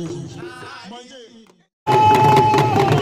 行行行。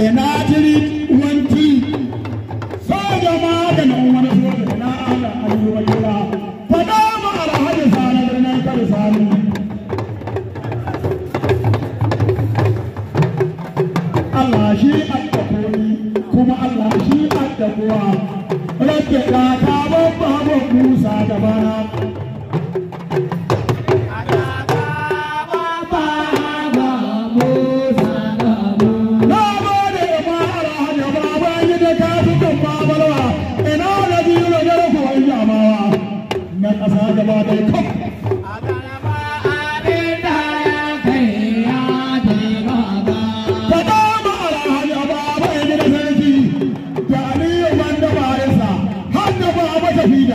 And I did it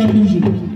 da Brigitte.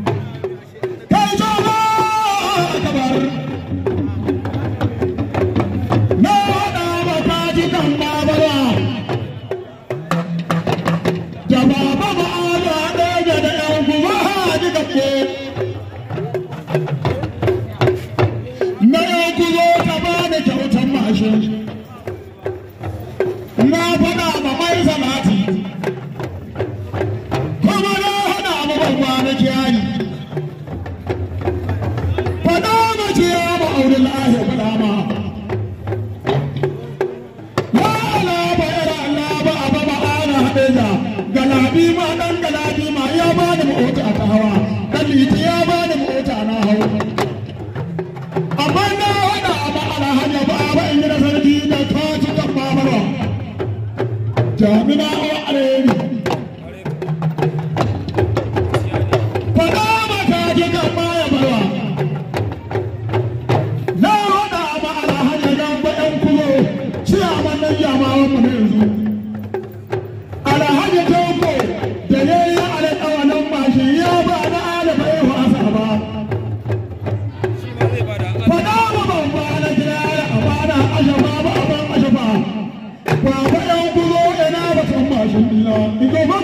alhaji ta ya bani mota na hau amma na hada amma alhaji ba ba in gina sarki da ta ci kan babarwa jami'a Baba yan kuzo ina ba san mashin illa,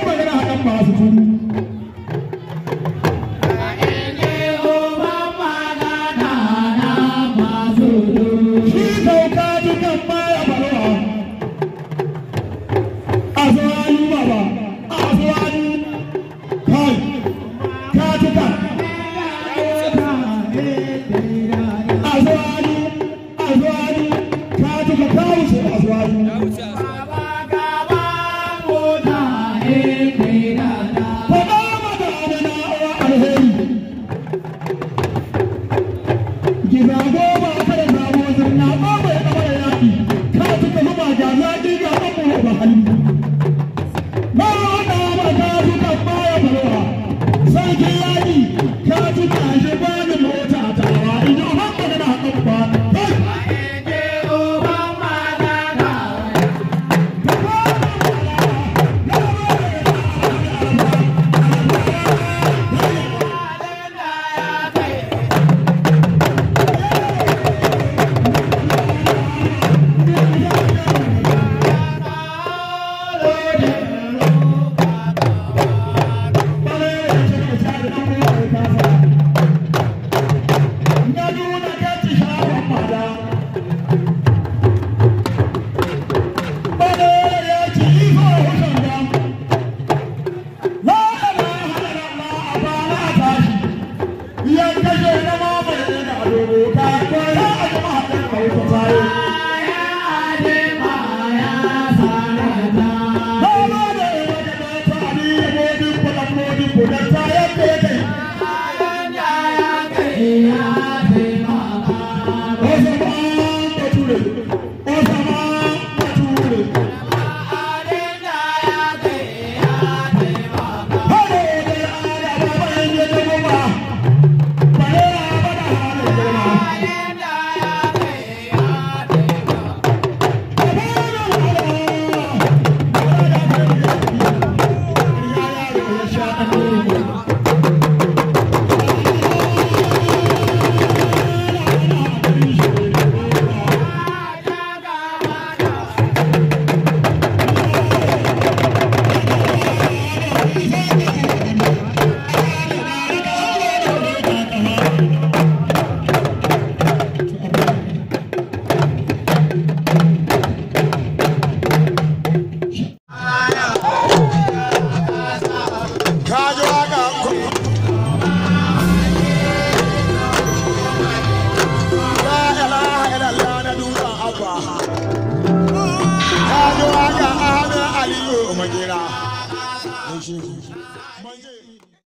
म्हणजे